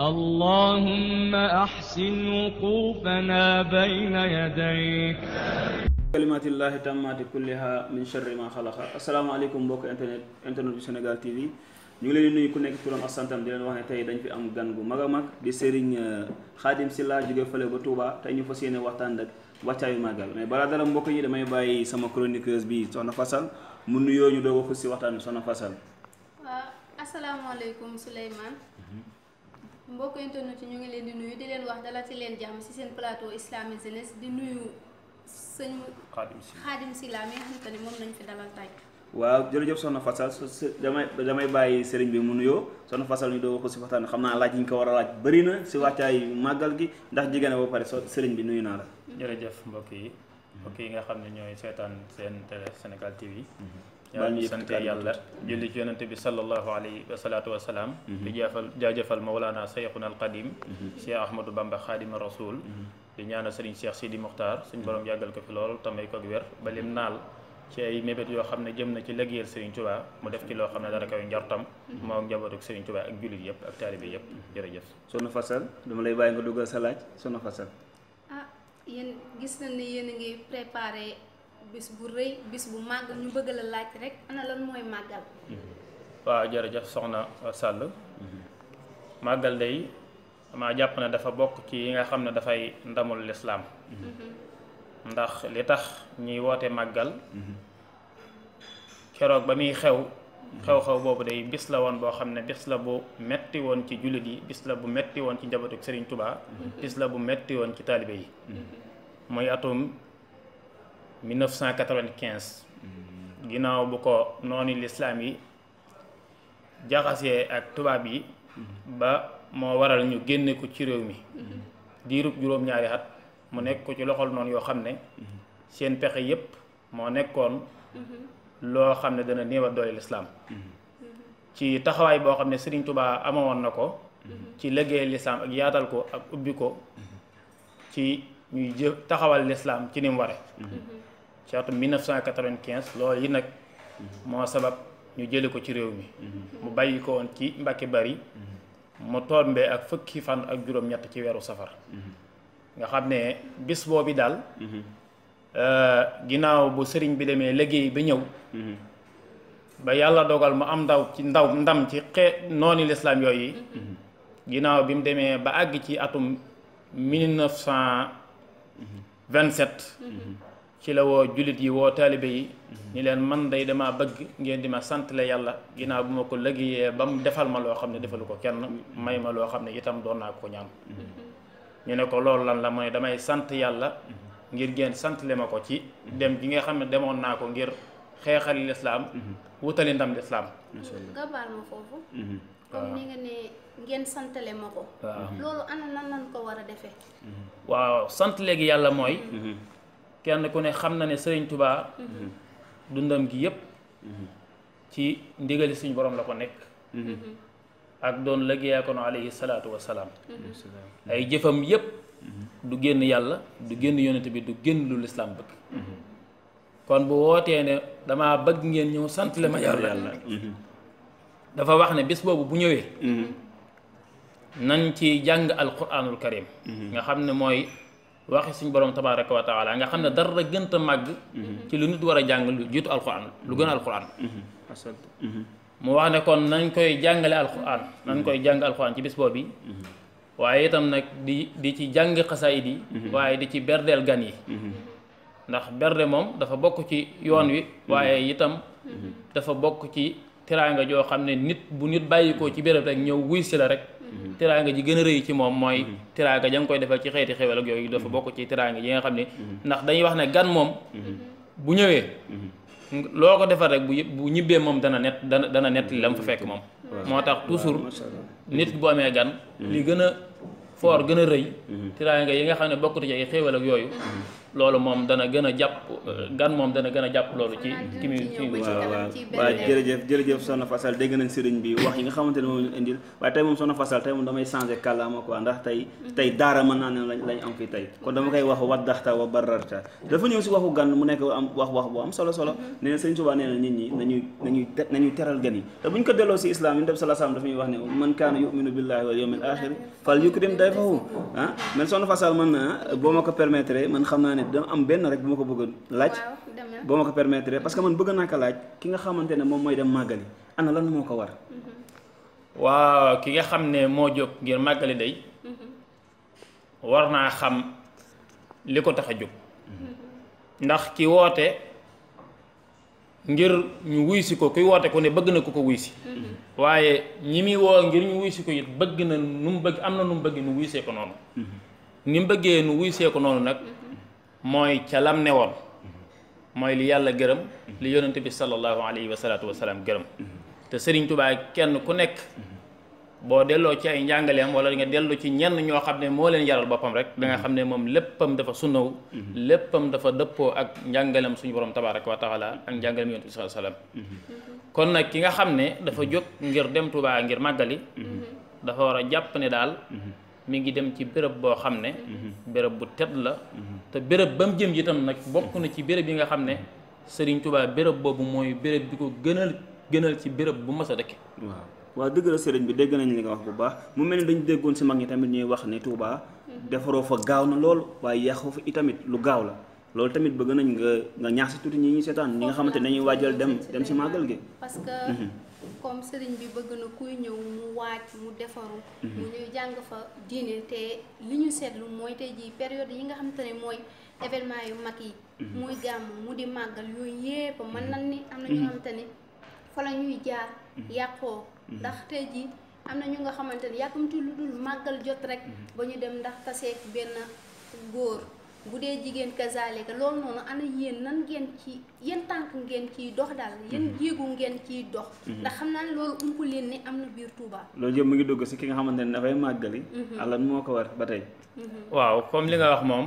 اللهم أحسن وقوفنا بين يديك كلمات الله تامات كلها من شر ما خلق السلام عليكم بوك انترنت انترنت سنغال تي في ñu ngi leen di nuyu ku nekk turam ak santam di leen wax ne tey dañ fi am gan gu mag a mag di Serigne Khadim Sylla jóge fële ba Touba tey ñu fas yéene waxtaan ak wàccaayu màggal mais balaa dara mbokk yi damay bàyyi sama chroniqueuse bi Soxna Fassal mu nuyoo ñu doog a xus si waxtaan Soxna Fassal. waaw asalaamaaleykum Souleymane mbokk internet ci ñu ngi leen di nuyu di leen wax dalal ci leen jàmm ci seen plateau Islamic Jeunesse di nuyu sëñ Xaadim Sila mi nga xamante ni moom lañ fi dalal tey. waaw jërëjëf soxna Fassal damay damay bàyyi sëriñ bi mu nuyoo soxna Fassal ñu doo ko si waxtaan xam naa laaj yi ñu ko war a laaj bëri na si wàccaay màggal gi ndax jigéen ba pare so sëriñ bi nuyu naa la. jërëjëf mbokk yi mbokk yi nga xam ne ñooy seetaan seen télé Sénégal TV. Mm-hmm. yaa ngi sante yàlla julli ci yonante bi sallallahu alayhi wa salaatu wa salaam di jaafal jaajëfal mawlaana seyxuna alqadim cheikh ahmadou bamba xaadima rasoul di ñaanal sëriñ cheikh sidi muxtaar suñ borom yàggal ko fi lool tamay ko wér ba lim naal ci ay mébét yoo xam ne jëm na ci liggéeyal Serigne Touba mu def ci loo xam ne dara kaw njortam moom njabootu Serigne Touba ak jullit yëpp ak taalibe yëpp jërëjëf sunu fasal dama lay bàyyi nga duggal sa laaj sunu fasal ah yéen gis nañ ne yéen a ngi préparé bis bu rëy bis bu màgg ñu bëgg la laaj rek ana mooy màggal. Mhm. waaw jërëjëf soxna sàll mhm. màggal day ma jàpp na dafa bokk ci yi nga xam ne dafay ndamul lislaam mhm. ndax li tax ñuy woote màggal. keroog ba muy xew. xew-xew boobu day bis la woon boo xam ne bis la bu metti woon ci jullit yi bis la bu metti woon ci njabootu Serigne tubaa bis la bu metti woon ci taalibe yi. muy atum. 1995 mm-hmm. ginnaaw bu ko noonu lislaam yi jaxasee ak tubaab yi mm-hmm. ba moo waral ñu génne ko ci réew mi mm-hmm. diirub juróom-ñaari at mu nekk ko ci loxol noonu yoo xam ne seen pexe yépp moo nekkoon loo xam ne dana néewal doole lislaam ci taxawaay boo xam ne Serigne Touba amoon na ko ci liggéey lislaam ak yaatal ko ak ubbi ko ci ñuy jë taxawal lislaam ci ni ware ci atum 1995 loolu yi nag moo sabab ñu jële ko ci réew mi mhm. mu bàyyi ko woon ci mbakki Bari mhm. mu tombee ak fukki fan ak juróom-ñett ci weeru safar mhm. nga xam ne bis boobu daal euh, ginnaaw bu sëriñ bi demee liggéey ba ñëw ba yàlla dogal mu am ndaw ci ndaw ndam ci xee nooni lislaam yooyu ginnaaw bi mu demee ba àgg ci atum 1927 ci la woo julit yi woo taalibe yi ni leen man day dama bëgg ngeen di ma sant yàlla ginnaaw bu ma ko liggéeyee ba mu defal ma loo xam ne defalu ko kenn may ma loo xam ne itam doon naa ko ñaan ñu ne ko loolu lan la mooy damay sant yàlla ngir ngeen sant ma ko ci dem gi nga xam ne demoon naa ko ngir xeexal lislaam wutali ndam lislaam nga baal ma foofu mhm. comme ni nga ne ngeen santale ma ko loolu ana nan nan ko war a defee waaw sant léegi yàlla mooy mhm. kenn ku ne xam na ne sëriñ tubaa mhm. dundam gi yépp mhm. ci ndigali suñu borom la ko nekk mhm. ak doon liggéeyaa ko no alayhi salaatu salaam ay jëfam yépp du génn yàlla du génn yonent bi du génn lu lislaam bëgg kon bu wootee ne damaa bëgg ngeen ñëw sant le ma yàlla dafa wax ne bis boobu bu ñëwee nañ ci jàng alquranul karim nga xam ne mooy waxi suñ borom tabaraka wa taala nga xam ne dara gënt a màgg mhm. ci lu nit war a jàng lu jiitu alquran lu gën alquran mhm. mhm. mu wax ne kon nañ koy jàngale alquran nañ koy jàng alquran ci bis boobu waaye itam nag di di ci jàng xasaayid yi waaye di ci berdeel gan yi ndax berde moom dafa bokk ci yoon wi waaye itam dafa bokk ci tiraanga joo xam ne nit bu nit bàyyi ko ci béréb rek ñëw wuy si la rek Mhm. tiraanga ji gën a rëy ci moom mooy mhm. tiraanga ja nga koy defal ci xeeti xewal ak yooyu dafa mhm. bokk ci tiraanga yi nga xam ne ndax dañuy wax ne gan moom bu ñëwee loo ko defar rek bu bu ñibbee moom dana net dana dana net li la mu fa fekk moom moo tax toujours nit bu amee gan li gën a foor gën a rëy tiraanga yi nga xam ne bokkut ci ay xewal ak yooyu loolu moom dana gën a jàpp gan moom dana gën a jàpp loolu ci ci muy waaw waaw waaw jërëjëf jërëjëf soxna Fassal dégg nañ sëriñ bi wax yi nga xamante ne moom ñu indil waaye tey moom soxna Fassal tey moom damay changé kàllaama quoi ndax tey mhm. tey daara mën naa ne lañ lañ ne dama am ben rek buma ko bëgg laaj ba ko permettre parce que man bëgg naa ko laaj ki nga xamantene mom moy dem magali ana lan moko war mm-hmm. waaw ki nga xamne ne jog ngir magali day mm-hmm. warna naa xam liko taxa jog mm-hmm. ndax ki wote ngir ñu wuy ko kuy wote ko ne bëgg na ko ko wuy si ñi mi wo ngir ñu wuy ko yit bëgg na num bëgg am na nu mu bëgg nu ko non ni mu nu ko moy ci lam newon moy li yàlla gërëm li yonnte bi sallallahu alayhi wa salatu wa salam gërëm te Serigne Touba kenn ku nek bo delo ci ay njàngaleem wala nga delu ci ñenn ño xamne mo leen yaral bopam rek da nga xamne mom léppam dafa sunnaw léppam dafa deppo ak njàngaleem suñu borom tabaraka wa taala ak njàngaleem yonnte sallallahu alayhi wa salam kon nak ki nga xamne dafa jóg ngir dem Touba ngir magali dafa wara jàpp ne dal mi ngi dem ci bërepp bo xamne bërepp bu tedd la te béréb ba mu jëm ji tam nag bokk na ci béréb yi nga xam ne Serigne Touba béréb boobu mooy bërëb bi ko gënal gënal ci béréb bu mas a dëkk. waa waa dëgg la sëriñ bi dégg nañ li nga wax bu baax mu mel ni dañu déggoon si mag ñi tamit ñuy wax ne Touba defaroo fa gaaw na lool waaye yàqu fa itamit lu gaaw la loolu tamit bëgg nañ nga nga ñaax si tuuti ñi ñu seetaan ñi nga xamante ne dañuy waajal dem dem si màggal gi. parce comme sëriñ bi bëgg na kuy ñëw mu waaj mu defaru mhm. mu ñuy jàng fa diine te li ñu seetlu mooy tey jii période yi nga xam te ne mooy événement yu mag yi mhm. muy gàmm mu di màggal yooyu yépp mhm. mën nañ ni am na ñu xam te ne la ñuy jaar yàqoo ndax te jii am na ñu nga xamante ne yàkkamti lu dul màggal jot rek ba ñu dem ndax taseek benn góor bu dee jigéen kazaalika loolu noonu ana yéen nan ngeen ci yéen tànk ngeen ciy dox daal yéen mhm. jéegu ngeen ciy dox mhm. ndax xam naa ne loolu umpu leen ni am na biir Touba loolu yëpp mu ngi dugg si ki nga xamante ne dafay màggali àllan mhm. moo ko war ba tey waaw comme li nga wax moom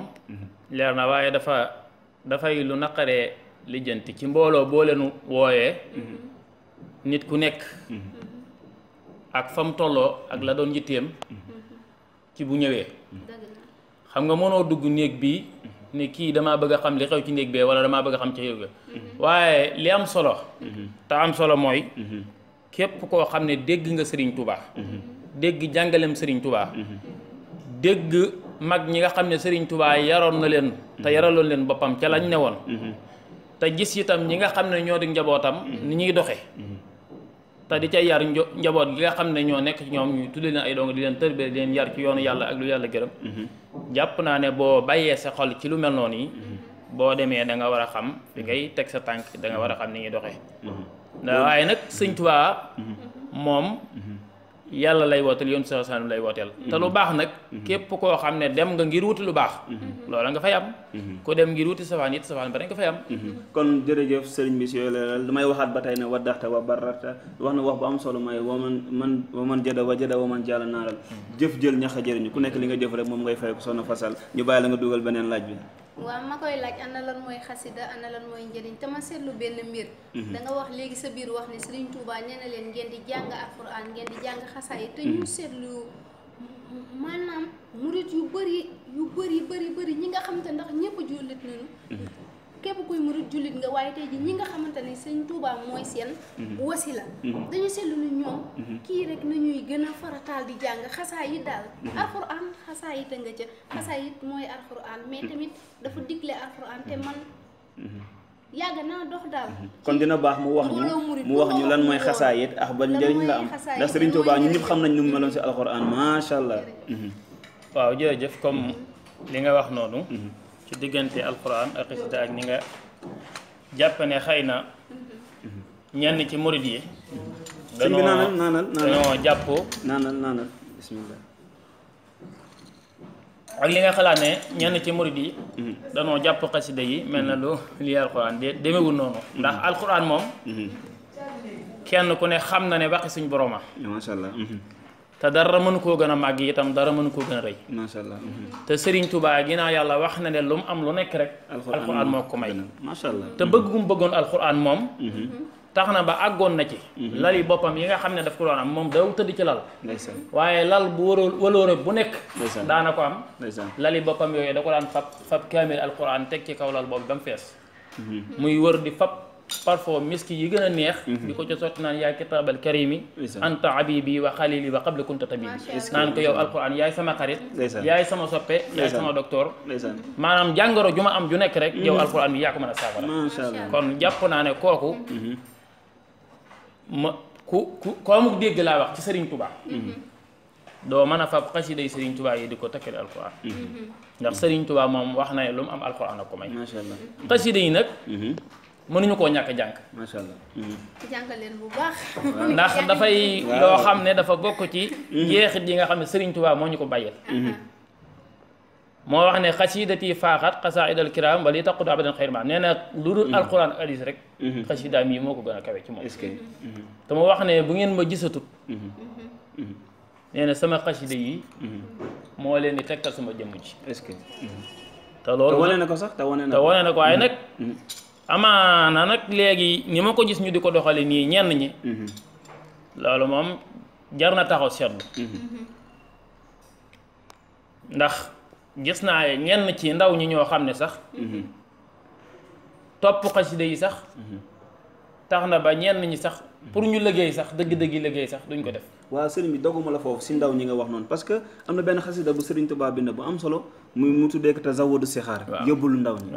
leer na waaye dafa dafay lu naqaree lijjanti ci mbooloo boo leenu wooyee nit ku nekk ak fa tolloo ak la doon njitteem ci bu ñëwee xam nga mënoo dugg néeg bi ne kii damaa bëgg a xam li xew ci néeg bee wala damaa bëgg xam ci xew ga waaye li am solo te am solo mooy képp koo xam ne dégg nga Serigne Touba dégg jàngalem Serigne Touba dégg mag ñi nga xam ne Serigne Touba yaroon na leen te yaraloon leen boppam ca lañ ne woon te gis itam ñi nga xam ne ñoo di njabootam ni ñuy doxe te di ca yar njaboot gi nga xam ne ñoo nekk ci ñoom ñu tudd leen ay dong di leen tërbee di leen yar ci yoonu yàlla ak lu yàlla gërëm mhm. jàpp naa ne boo bàyyee sa xol ci lu mel noonu yi mhm. boo demee da nga war a xam fi mhm. ngay teg sa tànk danga war a xam ni ñuy doxee waaye nag sëñ Tuubaa moom yàlla lay wooteel yoon sa sallam lay wooteel mhm. te lu baax nag mhm. képp koo xam ne dem nga ngir wuti lu baax mhm. loola nga fay am ku dem ngir wuti safaan it safaan ba nga fay am kon jërëjëf sëriñ bi si yooyu leeral damay waxaat ba tey ne waddaxta wa bararta wax na wax bu am solo mooy waman man man jada wa jada man jàll naaral jëf jël ñax a jëriñu ku nekk li nga jëf rek moom ngay fay ko soxna fasal ñu bàyyi la nga dugal beneen laaj bi waa ma koy laaj ana lan mooy xasida na lan mooy njëriñ te ma seetlu benn mbir. Mhm. danga wax léegi sa biir wax ne Serigne Touba nee na leen ngeen di jàng alxuraan ngeen di jàng xasaay te ñu mhm. seetlu maanaam murit yu bëri yu bëri bëri bëri ñi nga xam te ndax ñëpp jullit nañu. Mhm. képp kuy murid julit nga waaye tey ji ñi nga xamante señ Touba mooy seen mhm. wasila mhm. dañu seetlu ni ñoom mhm. kii rek nañuy gën a farataal di jàng xasaa yi daal alxuraan xasaa yi nga ca xasaa yi mooy alxuraan mais tamit dafa digle alxuraan te man yàgg naa dox daal kon dina baax mu wax ñu mu wax ñu lan mooy yi ak ban njëriñ la am ndax señ touba ñu ñëpp xam nañ nu si alxuraan macha allah waaw jërëjëf comme li nga wax noonu ci diggante alquran ak xasida ak ñi nga jàpp ne xëy na ñenn ci murid yi dañoo dañoo jàpp naanal naanal bismillah li nga xalaat ne ñenn ci murid yi mhm. dañoo jàpp xasida yi mel na lu lii alquran de demewul noonu mhm. ndax alquran moom mhm. kenn ku ne xam na ne waxi suñ boroma masha te dara mënu koo gën a màgg itam dara mënu koo gën a rëy. macha allah. te Serigne Touba ginnaaw yàlla wax na ne lu mu am lu nekk rek. alxuraan moo ko may. macha allah te bëgg gu mu bëggoon alxuraan moom. tax na ba àggoon na ci. lal yi boppam yi nga xam ne daf ko doon am moom daw tëdd ci lal. waaye lal bu wërool wëloore bu nekk. daana ko am. lal yi boppam yooyu da ko daan fab fab kaamil alxuraan teg ci kaw lal boobu ba mu fees. muy wër di fab. parfois miski yi gëna neex diko ci sot nan ya kitab al karim anta abibi wa khalili wa qabl kunta tabibi nan ko yow al qur'an yaay sama xarit yaay sama soppe yaay sama docteur manam jàngoro juma am ju nek rek yow al qur'an ya ko meuna safara kon jàpp naa ne kooku ma ku ku koomu dégg laa wax ci Serigne Touba do mën fa qasida Serigne Touba yi diko ko al qur'an ndax Serigne Touba mom wax na lu am al qur'an ko may qasida yi nak mënuñu koo ñàkk jànk macha allah hmm. jàngal leen bu baax ndax dafay loo xam ne dafa bokk ci hmm. jeexit yi nga xam ne Sëriñ Tuubaa moo ñu ko bàyyil hmm. moo wax ne xasidati faaxat xasaidal kiram wala taqud abadan xayr ma nee na lu dul alquran ak hadis rek xasidaam yi moo ko gën a kawe ci moom te mu wax ne bu ngeen ma gisatut nee na sama xasida yi moo leen di tegtal sama jëmm ji te loolu wane na ko sax te wane na ko waaye nag amaana nag léegi ni ma ko gis ñu di ko doxale nii ñenn ñi mhm. loolu moom jar na taxaw seetlu mhm. Mhm. ndax gis naa ñenn ci ndaw ñi ñoo xam ne sax topp xasida yi sax tax na ba ñenn ñi sax pour ñu liggéey sax dëgg-dëgg liggéey sax duñ ko def waaw sëriñ bi doguma la foofu si ndaw ñi nga wax noonu parce que am na benn xasida bu sëriñ Tuubaa bind bu am solo muy mu tuddee ko te zawadu sixaar yóbbulu ndaw ñi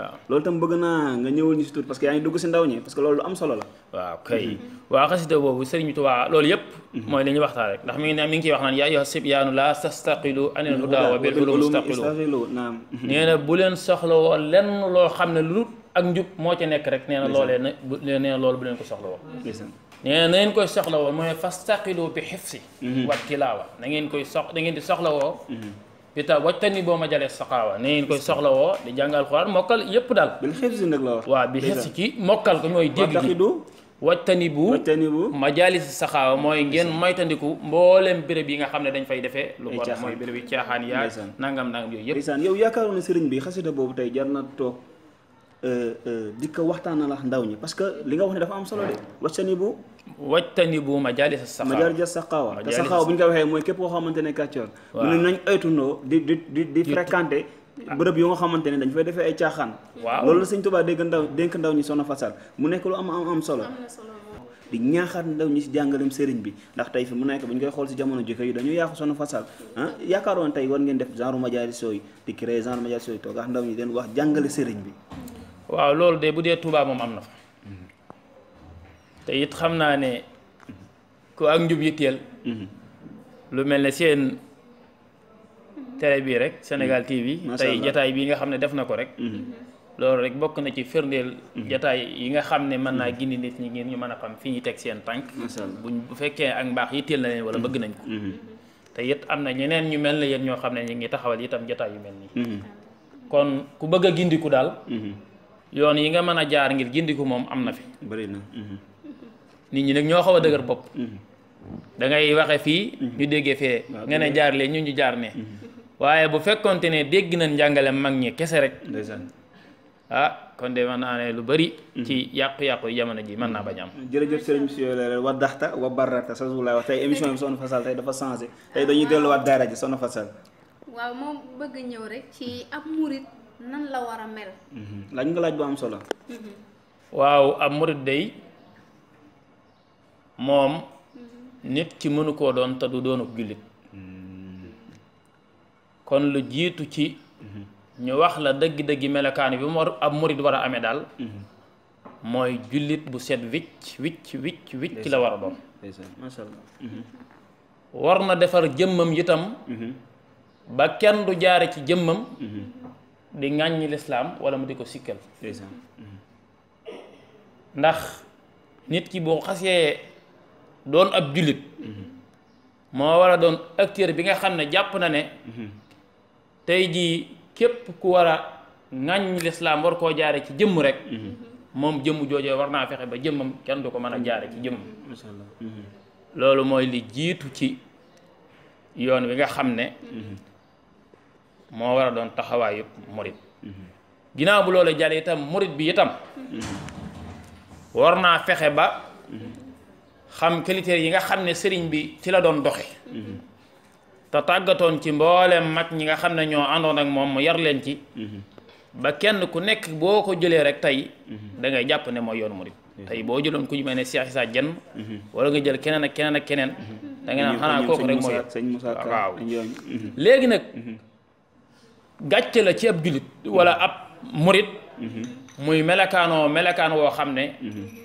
bëgg naa nga ñëwal ñu si tuuti ndaw ñi parce que loolu lu am solo la waaw kay waaw xasida boobu loolu yëpp mhm. mooy li ñuy waxtaan rek ndax mi ngi mi ngi ciy wax naan yaa ayyuha sibyaanu laa tastaqilu anil hudaa wa bil ulumi istaqilu naam nee bu leen soxla woo lenn loo xam ne lu ak njub moo ci nekk rek nee na loolee na nee loolu bu leen ko soxla woo nee koy soxla wo moy fastaqilu bi hifzi mhm. wa tilawa na ngeen koy sox da ngeen di soxla wo mhm. bi ta wajtani boo ma jale saqawa na koy soxla wo di jangal alxuraan mokal yep dal bil hifzi nak la wax wa bi hifzi ki mokal ko moy deg gi wajtani bu wajtani bu majalisi saqawa moy ngeen moytandiku mboolem béréb bi nga xamne dañ fay defé lu ko moy béréb bi caaxaan ya nangam nangam yoy yep ndeysaan yow yakaru na serigne bi xasida boobu tey jar na eh di ko waxtaanal ndaw ñi parce que li nga wax dafa am solo de wajtani bu wajtani bu majalis saxaawa sa saxaawa te saxaawa bu ñu ko waxee mooy képp koo xamante ne kàccoor mu ne nañ oytundoo di di di di fréquenté bërëb yu nga xamante ne dañ fay defee ay caaxaan waaw loolu la sëñ Tuubaa dégg ndaw dénk ndaw ñi sono fasal mu nekk lu am am am solo di ñaaxaat ndaw ñi si jàngalem sëriñ bi ndax tey fi mu nekk bu ñu koy xool si jamono jikko yi dañu yaaxu sono fasal ah yaakaaroon tey war ngeen def genre majalis yooyu di créer genre majalis yooyu toog ndaw ñi leen wax jàngale sëriñ bi waaw loolu de bu dee Tuubaa moom am na te it xam naa ne ku ak njub yitteel lu mel ni seen télé bii rek Sénégal mm-hmm. TV tey jataay bii nga xam ne def na ko rek mm-hmm. loolu rek bokk na ci firndeel mm-hmm. jataay yi nga xam ne mën naa gindi nit ñi ngir ñu mën a xam fi ñu teg seen tànk buñ bu fekkee ak mbaax yitteel na leen wala bëgg nañ ko te it am na ñeneen ñu mel ne yéen ñoo xam ne ñu ngi taxawal itam jataay yu mel nii kon ku bëgg a gindiku daal yoon yi nga mën a jaar ngir gindiku moom am na fi bëri na nit ñi nag ñoo xaw a dëgër bopp mm-hmm. da ngay waxe fii mm-hmm. ñu déggee fee nga ne jaar lee ñu ñu jaar ne mm-hmm. waaye bu fekkonte ne dégg nañ njàngale mag ñi kese rek ah kon de man naa ne lu bari ci yàqu-yàqu jamono ji mën naa bañ am jërëjëf sëriñ si leeral wa daxta wa barata sasulla wax tey émission bi Soxna Fassal tey dafa changé tey dañuy delluwaat daara ji Soxna Fassal waaw moom bëgg ñëw rek ci ab murit nan la war a mel laaj nga laaj bu am solo waaw ab mom mm-hmm. nit ci mënu ko doon ta du doonub julit mm-hmm. kon lu jitu ci mm-hmm. ñu wax la deug deug melakan bi mo ab murit war a amee daal mooy bu set wicc wicc wicc wicc la wara doon masha Allah defar jëmmam yitam ba kenn du jaar ci jëmmam di ngagne l'islam wala mu diko sikkel ndax nit ki bo xasse doon ab jullit moo war a doon acteur bi nga xam ne jàpp na ne tey jii képp ku war a ŋàññ lislaam war koo jaare ci jëmm rek moom jëmm joojee war naa fexe ba jëmmam kenn du ko mën a jaare ci jëmm loolu mooy li jiitu ci yoon wi nga xam ne moo war a doon taxawaayu murit ginnaaw bu loolu jàll itam murit bi itam mm-hmm. war naa fexe ba xam critères yi nga xam ne sëriñ bi ci la doon doxe te tàggatoon ci mboolem mag ñi nga xam ne ñoo àndoon ak moom mu yar leen ci ba kenn ku nekk boo ko jëlee rek tey dangay jàpp ne mooy yoon murid tey boo jëloon ku ñu mel ne Cheikh Issa Dieng wala nga jël keneen ak keneen ak keneen da nga naan xanaa kooku rek mooy yoon waaw léegi nag mhm. la ci ab wala ab murid mhm. muy melakaanoo melakaan woo xam ne mhm.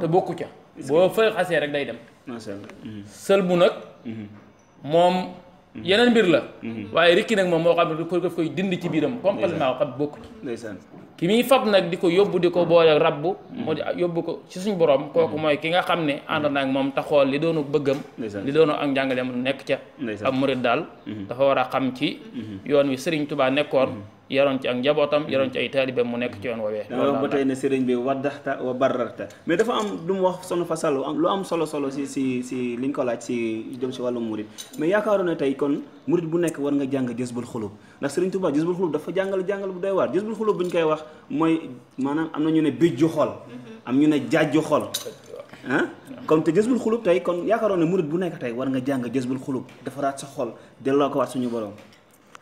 te bokk ca. boo fa xasee rek day dem. macha allah mhm. sëlmu nag. Mhm. moom mhm. yeneen mbir la. waaye rikki nag moom moo xam ne du ko daf koy ci biiram. complètement xam bokku ci. ndeysaan ki muy fab nag di ko yóbbu di ko boole rabbu. moo ak yóbbu ko ci suñ borom. kooku mooy ki nga xam ne ànd naa ak moom taxool li doonu bëggam. li doonu ak njàngaleem nekk ca. am murid daal. dafa war a xam ci. yoon wi Serigne Touba nekkoon. yaroon ci ak njabootam mm-hmm. yaroon ci ay taalibeem mu nekk ci yoon woowee loolu ba tey ne sëriñ bi waddaxta wa bararta mais dafa am lu mu wax sonu fasal lu am solo solo si si si liñ ko laaj si jëm si wàllu murit mais yaakaaroon ne tey kon murit bu nekk war nga jàng jësbul xulub ndax sëriñ Tuubaa jësbul xulub dafa jàngal jàngal bu doy waar jësbul xulub bu wax mooy maanaam am na ñu ne bijju xol mm-hmm. am ñu ne jaajju xol mm-hmm. ah comme te jësbul xulub tey kon yaakaaroon ne murit bu nekk tey war nga jàng jësbul xulub defaraat sa xol delloo ko waat suñu borom